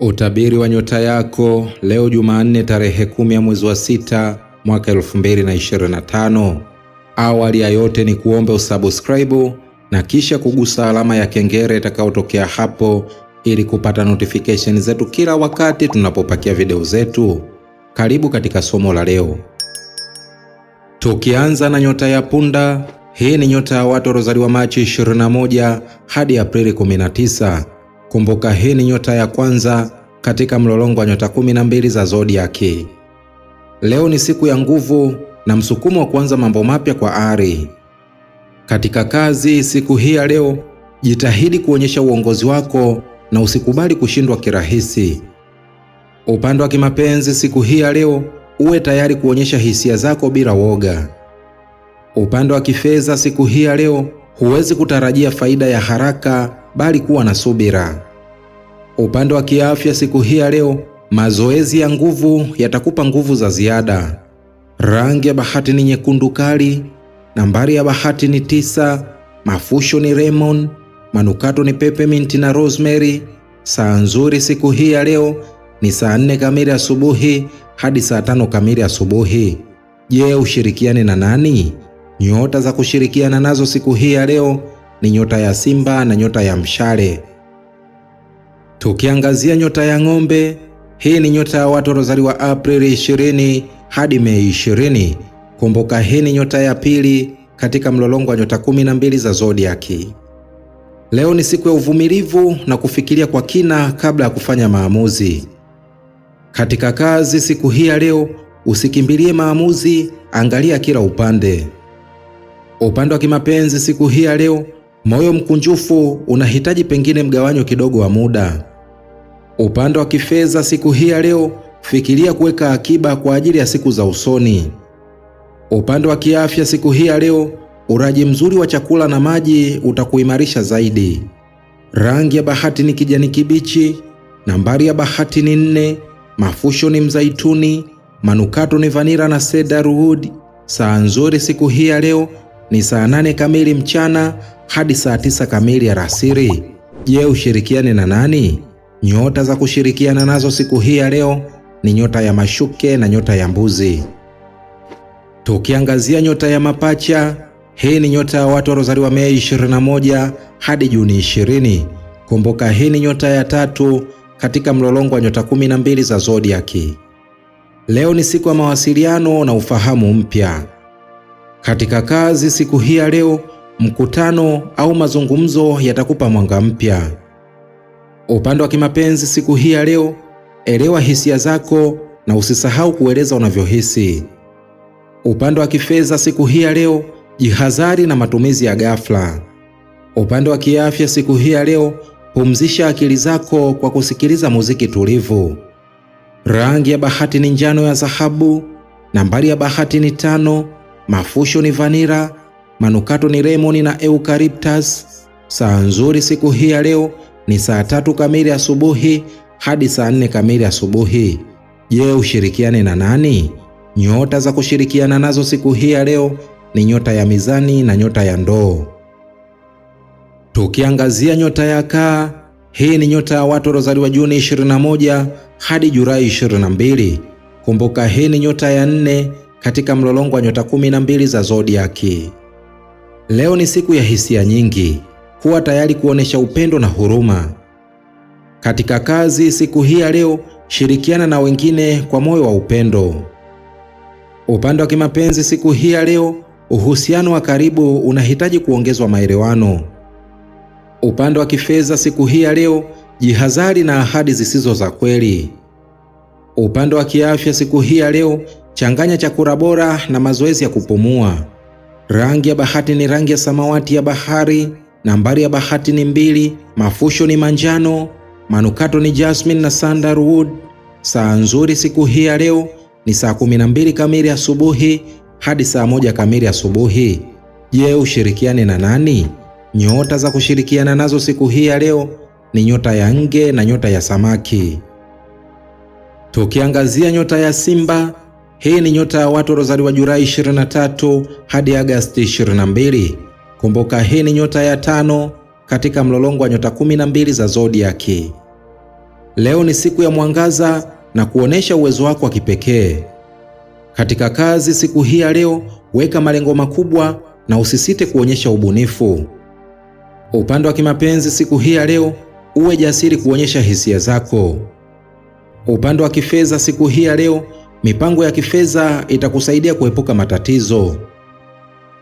Utabiri wa nyota yako leo Jumanne tarehe kumi ya mwezi wa sita mwaka 2025. Awali ya yote ni kuombe usubscribe na kisha kugusa alama ya kengele itakayotokea hapo ili kupata notification zetu kila wakati tunapopakia video zetu. Karibu katika somo la leo. Tukianza na nyota ya punda, hii ni nyota ya watu waliozaliwa Machi 21 hadi Aprili 19. Kumbuka hii ni nyota ya kwanza katika mlolongo wa nyota kumi na mbili za zodiaki. Leo ni siku ya nguvu na msukumo wa kuanza mambo mapya kwa ari. Katika kazi siku hii ya leo, jitahidi kuonyesha uongozi wako na usikubali kushindwa kirahisi. Upande wa kimapenzi siku hii ya leo, uwe tayari kuonyesha hisia zako bila woga. Upande wa kifedha siku hii ya leo, huwezi kutarajia faida ya haraka, bali kuwa na subira. Upande wa kiafya, siku hii ya leo, mazoezi ya nguvu yatakupa nguvu za ziada. Rangi ya bahati ni nyekundu kali. Nambari ya bahati ni tisa. Mafusho ni lemon. Manukato ni peppermint na rosemary. Saa nzuri siku hii ya leo ni saa nne kamili asubuhi hadi saa tano kamili asubuhi. Je, ushirikiane na nani? Nyota za kushirikiana nazo siku hii ya leo ni nyota ya Simba na nyota ya Mshale. Tukiangazia nyota ya Ng'ombe, hii ni nyota ya watu waliozaliwa Aprili 20 hadi Mei 20. Kumbuka, hii ni nyota ya pili katika mlolongo wa nyota 12 za zodiaki. Leo ni siku ya uvumilivu na kufikiria kwa kina kabla ya kufanya maamuzi. Katika kazi siku hii ya leo, usikimbilie maamuzi, angalia kila upande. Upande wa kimapenzi siku hii ya leo, moyo mkunjufu unahitaji pengine mgawanyo kidogo wa muda. Upande wa kifedha siku hii ya leo, fikiria kuweka akiba kwa ajili ya siku za usoni. Upande wa kiafya siku hii ya leo, uraji mzuri wa chakula na maji utakuimarisha zaidi. Rangi ya bahati ni kijani kibichi. Nambari ya bahati ni nne. Mafusho ni mzaituni. Manukato ni vanira na cedarwood. Saa nzuri siku hii ya leo ni saa nane kamili mchana hadi saa tisa kamili ya alasiri. Je, ushirikiane na nani? Nyota za kushirikiana nazo siku hii ya leo ni nyota ya mashuke na nyota ya mbuzi. Tukiangazia nyota ya mapacha, hii ni nyota ya watu waliozaliwa Mei 21 hadi Juni 20. Kumbuka, hii ni nyota ya tatu katika mlolongo wa nyota 12 za zodiaki. Leo ni siku ya mawasiliano na ufahamu mpya. Katika kazi siku hii ya leo, mkutano au mazungumzo yatakupa mwanga mpya. Upande wa kimapenzi siku hii ya leo, elewa hisia zako na usisahau kueleza unavyohisi. Upande wa kifedha siku hii ya leo, jihadhari na matumizi ya ghafla. Upande wa kiafya siku hii ya leo, pumzisha akili zako kwa kusikiliza muziki tulivu. Rangi ya bahati ni njano ya dhahabu. Nambari ya bahati ni tano mafusho ni vanira, manukato ni lemoni na eucalyptus. Saa nzuri siku hii ya leo ni saa tatu kamili asubuhi hadi saa nne kamili asubuhi. Je, ushirikiane na nani? Nyota za kushirikiana nazo siku hii ya leo ni nyota ya mizani na nyota ya ndoo. Tukiangazia nyota ya kaa, hii ni nyota ya watu waliozaliwa Juni 21 hadi Julai 22. Kumbuka, hii ni nyota ya nne katika mlolongo wa nyota kumi na mbili za zodiaki. Leo ni siku ya hisia nyingi, kuwa tayari kuonesha upendo na huruma. Katika kazi siku hii ya leo, shirikiana na wengine kwa moyo wa upendo. Upande wa kimapenzi siku hii ya leo, uhusiano wa karibu unahitaji kuongezwa maelewano. Upande wa kifedha siku hii ya leo, jihadhari na ahadi zisizo za kweli. Upande wa kiafya siku hii ya leo, Changanya chakula bora na mazoezi ya kupumua. Rangi ya bahati ni rangi ya samawati ya bahari. Nambari ya bahati ni mbili. Mafusho ni manjano. Manukato ni jasmine na sandalwood. Saa nzuri siku hii ya leo ni saa 12 kamili asubuhi hadi saa moja kamili asubuhi. Je, ushirikiane na nani? Nyota za kushirikiana nazo siku hii ya leo ni nyota ya nge na nyota ya samaki. Tukiangazia nyota ya Simba, hii ni nyota ya watu waliozaliwa Julai 23 hadi Agasti 22. Kumbuka, hii ni nyota ya tano katika mlolongo wa nyota 12 za zodiaki. Leo ni siku ya mwangaza na kuonesha uwezo wako wa kipekee katika kazi. Siku hii ya leo, weka malengo makubwa na usisite kuonyesha ubunifu. Upande wa kimapenzi, siku hii ya leo, uwe jasiri kuonyesha hisia zako. Upande wa kifedha, siku hii ya leo Mipango ya kifedha itakusaidia kuepuka matatizo.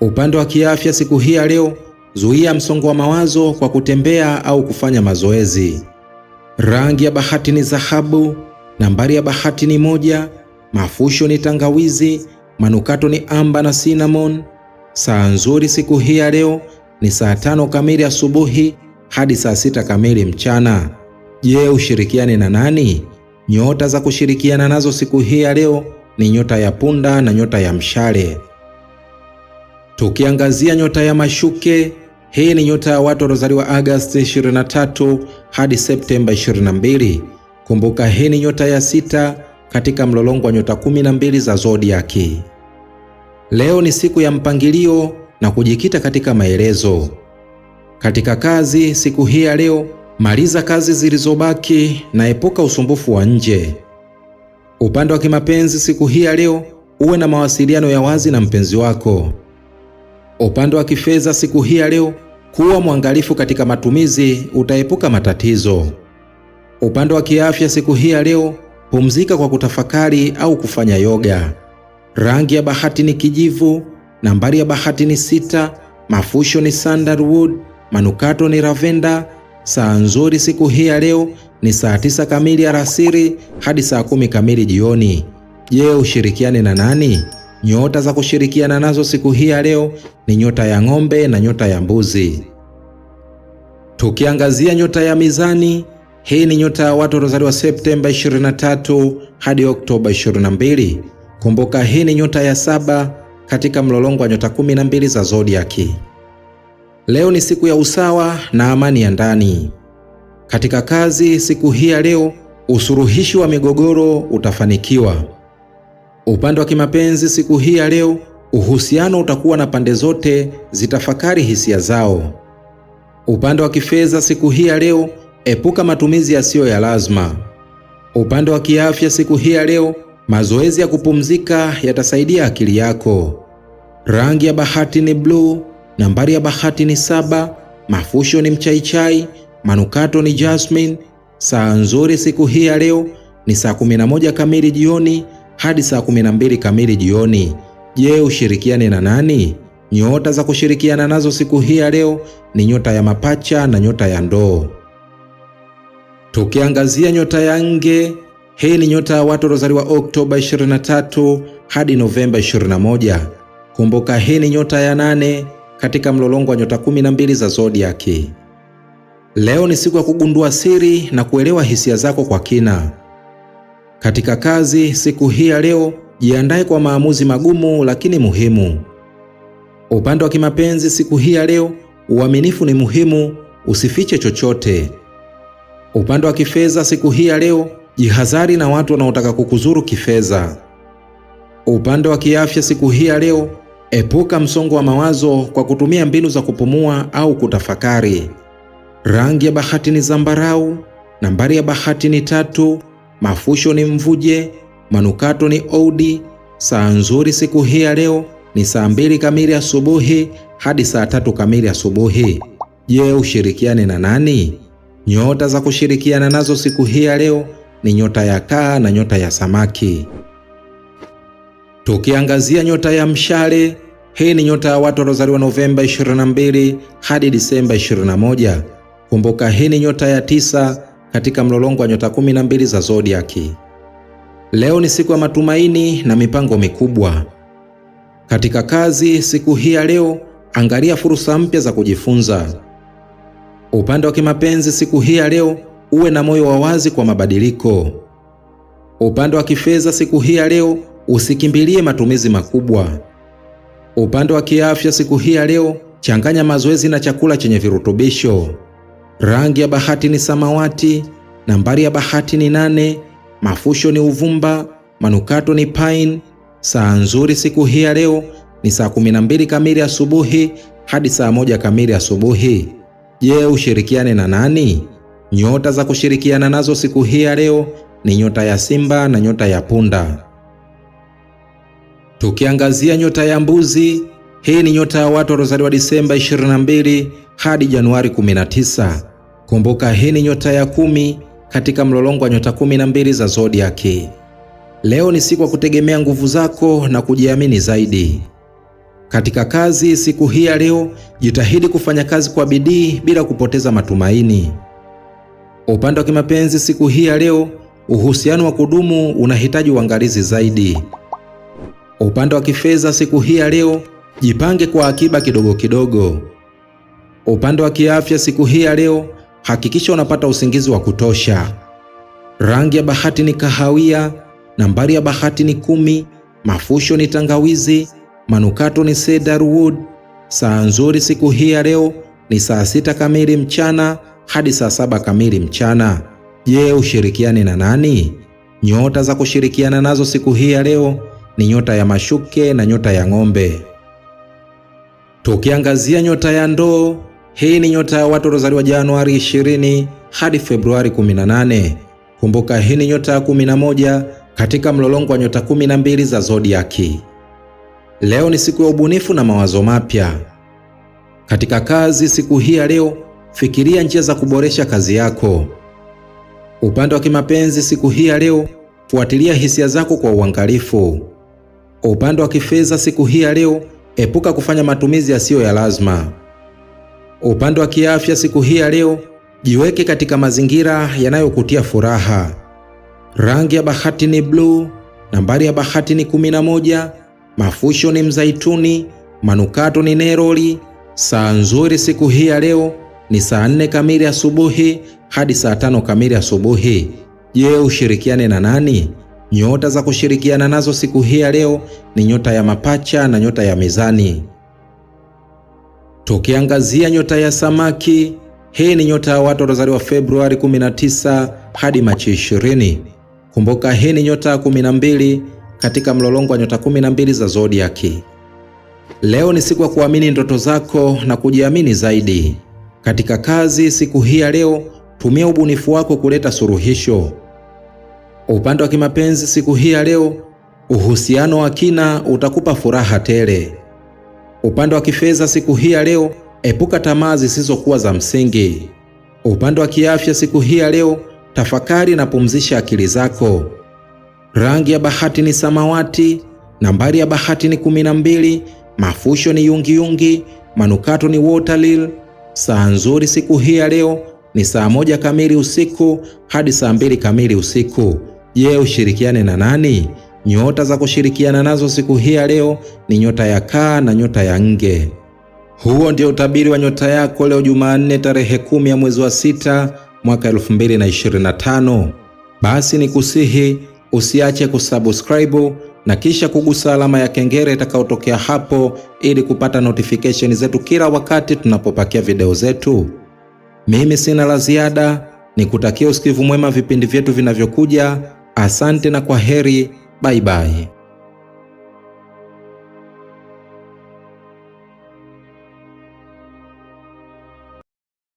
Upande wa kiafya siku hii ya leo, zuia msongo wa mawazo kwa kutembea au kufanya mazoezi. Rangi ya bahati ni dhahabu, nambari ya bahati ni moja, mafusho ni tangawizi, manukato ni amba na cinnamon. Saa nzuri siku hii ya leo ni saa tano kamili asubuhi hadi saa sita kamili mchana. Je, ushirikiane na nani? Nyota za kushirikiana nazo siku hii ya leo ni nyota ya punda na nyota ya mshale. Tukiangazia nyota ya mashuke, hii ni nyota ya watu waliozaliwa Agosti 23 hadi Septemba 22. Kumbuka hii ni nyota ya sita katika mlolongo wa nyota 12 za zodiaki. Leo ni siku ya mpangilio na kujikita katika maelezo. Katika kazi siku hii ya leo Maliza kazi zilizobaki na epuka usumbufu wa nje. Upande wa kimapenzi siku hii ya leo, uwe na mawasiliano ya wazi na mpenzi wako. Upande wa kifedha siku hii ya leo, kuwa mwangalifu katika matumizi, utaepuka matatizo. Upande wa kiafya siku hii ya leo, pumzika kwa kutafakari au kufanya yoga. Rangi ya bahati ni kijivu, nambari ya bahati ni sita, mafusho ni sandalwood, manukato ni lavender. Saa nzuri siku hii ya leo ni saa tisa kamili alasiri hadi saa kumi kamili jioni. Je, ushirikiane na nani? Nyota za kushirikiana nazo siku hii ya leo ni nyota ya ng'ombe na nyota ya mbuzi. Tukiangazia nyota ya Mizani, hii ni nyota ya watu waliozaliwa Septemba 23 hadi Oktoba 22. Kumbuka, hii ni nyota ya saba katika mlolongo wa nyota 12 za zodiaki. Leo ni siku ya usawa na amani ya ndani. Katika kazi siku hii ya leo, usuluhishi wa migogoro utafanikiwa. Upande wa kimapenzi siku hii ya leo, uhusiano utakuwa na pande zote zitafakari hisia zao. Upande wa kifedha siku hii ya leo, epuka matumizi yasiyo ya lazima. Upande wa kiafya siku hii ya leo, mazoezi ya kupumzika yatasaidia akili yako. Rangi ya bahati ni bluu. Nambari ya bahati ni saba. Mafusho ni mchaichai, manukato ni jasmine. Saa nzuri siku hii ya leo ni saa 11 kamili jioni hadi saa 12 kamili jioni. Je, ushirikiane na nani? Nyota za kushirikiana nazo siku hii ya leo ni nyota ya mapacha na nyota ya ndoo. Tukiangazia nyota ya nge, hii ni nyota ya watu waliozaliwa Oktoba 23 hadi Novemba 21. Kumbuka, hii ni nyota ya nane katika mlolongo wa nyota 12 za zodiaki. Leo ni siku ya kugundua siri na kuelewa hisia zako kwa kina. Katika kazi, siku hii ya leo, jiandae kwa maamuzi magumu lakini muhimu. Upande wa kimapenzi, siku hii ya leo, uaminifu ni muhimu, usifiche chochote. Upande wa kifedha, siku hii ya leo, jihadhari na watu wanaotaka kukuzuru kifedha. Upande wa kiafya, siku hii ya leo, Epuka msongo wa mawazo kwa kutumia mbinu za kupumua au kutafakari. Rangi ya bahati ni zambarau, nambari ya bahati ni tatu, mafusho ni mvuje, manukato ni oudi. Saa nzuri siku hii ya leo ni saa mbili kamili asubuhi hadi saa tatu kamili asubuhi. Je, ushirikiane na nani? Nyota za kushirikiana nazo siku hii ya leo ni nyota ya kaa na nyota ya samaki. Tukiangazia nyota ya mshale, hii ni nyota ya watu waliozaliwa Novemba 22 hadi Disemba 21. Kumbuka, hii ni nyota ya tisa katika mlolongo wa nyota 12 za zodiaki. Leo ni siku ya matumaini na mipango mikubwa. Katika kazi, siku hii ya leo, angalia fursa mpya za kujifunza. Upande wa kimapenzi, siku hii ya leo, uwe na moyo wa wazi kwa mabadiliko. Upande wa kifedha, siku hii ya leo Usikimbilie matumizi makubwa. Upande wa kiafya siku hii ya leo, changanya mazoezi na chakula chenye virutubisho. Rangi ya bahati ni samawati, nambari ya bahati ni nane, mafusho ni uvumba, manukato ni pine. Saa nzuri siku hii ya leo ni saa 12 kamili asubuhi hadi saa moja kamili asubuhi. Je, ushirikiane na nani? Nyota za kushirikiana nazo siku hii ya leo ni nyota ya Simba na nyota ya Punda. Tukiangazia nyota ya mbuzi, hii ni nyota ya watu waliozaliwa Disemba 22 hadi Januari 19. Kumbuka hii ni nyota ya kumi katika mlolongo wa nyota 12 za zodiaki. Leo ni siku ya kutegemea nguvu zako na kujiamini zaidi. Katika kazi siku hii ya leo, jitahidi kufanya kazi kwa bidii bila kupoteza matumaini. Upande wa kimapenzi siku hii ya leo, uhusiano wa kudumu unahitaji uangalizi zaidi. Upande wa kifedha siku hii ya leo, jipange kwa akiba kidogo kidogo. Upande wa kiafya siku hii ya leo, hakikisha unapata usingizi wa kutosha. Rangi ya bahati ni kahawia, nambari ya bahati ni kumi, mafusho ni tangawizi, manukato ni cedarwood. Saa nzuri siku hii ya leo ni saa sita kamili mchana hadi saa saba kamili mchana. Je, ushirikiane na nani? Nyota za kushirikiana nazo siku hii ya leo ni nyota ya mashuke na nyota ya ng'ombe. Tukiangazia nyota ya ndoo, hii ni nyota ya watu waliozaliwa Januari 20 hadi Februari 18. Kumbuka hii ni nyota ya 11 katika mlolongo wa nyota 12 za zodiaki. Leo ni siku ya ubunifu na mawazo mapya. Katika kazi siku hii ya leo, fikiria njia za kuboresha kazi yako. Upande wa kimapenzi siku hii ya leo, fuatilia hisia zako kwa uangalifu. Kwa upande wa kifedha siku hii ya leo, epuka kufanya matumizi yasiyo ya lazima. Upande wa kiafya siku hii ya leo, jiweke katika mazingira yanayokutia furaha. Rangi ya bahati ni bluu, nambari ya bahati ni 11, mafusho ni mzaituni, manukato ni neroli. Saa nzuri siku hii ya leo ni saa nne kamili asubuhi hadi saa tano kamili asubuhi. Je, ushirikiane na nani? Nyota za kushirikiana nazo siku hii ya leo ni nyota ya mapacha na nyota ya mizani. Tukiangazia nyota ya samaki, hii ni nyota ya watu waliozaliwa Februari 19 hadi Machi 20. Kumbuka hii ni nyota ya 12 katika mlolongo wa nyota 12 za zodiaki. Leo ni siku ya kuamini ndoto zako na kujiamini zaidi. Katika kazi siku hii ya leo, tumia ubunifu wako kuleta suluhisho. Upande wa kimapenzi siku hii ya leo, uhusiano wa kina utakupa furaha tele. Upande wa kifedha siku hii ya leo, epuka tamaa zisizokuwa za msingi. Upande wa kiafya siku hii ya leo, tafakari na pumzisha akili zako. Rangi ya bahati ni samawati, nambari ya bahati ni kumi na mbili, mafusho ni yungiyungi, manukato ni waterlily. Saa nzuri siku hii ya leo ni saa moja kamili usiku hadi saa mbili kamili usiku. Je, ushirikiane na nani? Nyota za kushirikiana nazo siku hii ya leo ni nyota ya kaa na nyota ya nge. Huo ndio utabiri wa nyota yako leo Jumanne tarehe kumi ya mwezi wa sita mwaka 2025. Basi ni kusihi usiache kusubscribe na kisha kugusa alama ya kengele itakayotokea hapo ili kupata notification zetu kila wakati tunapopakia video zetu. Mimi sina la ziada, nikutakia usikivu mwema vipindi vyetu vinavyokuja. Asante na kwa heri, bye.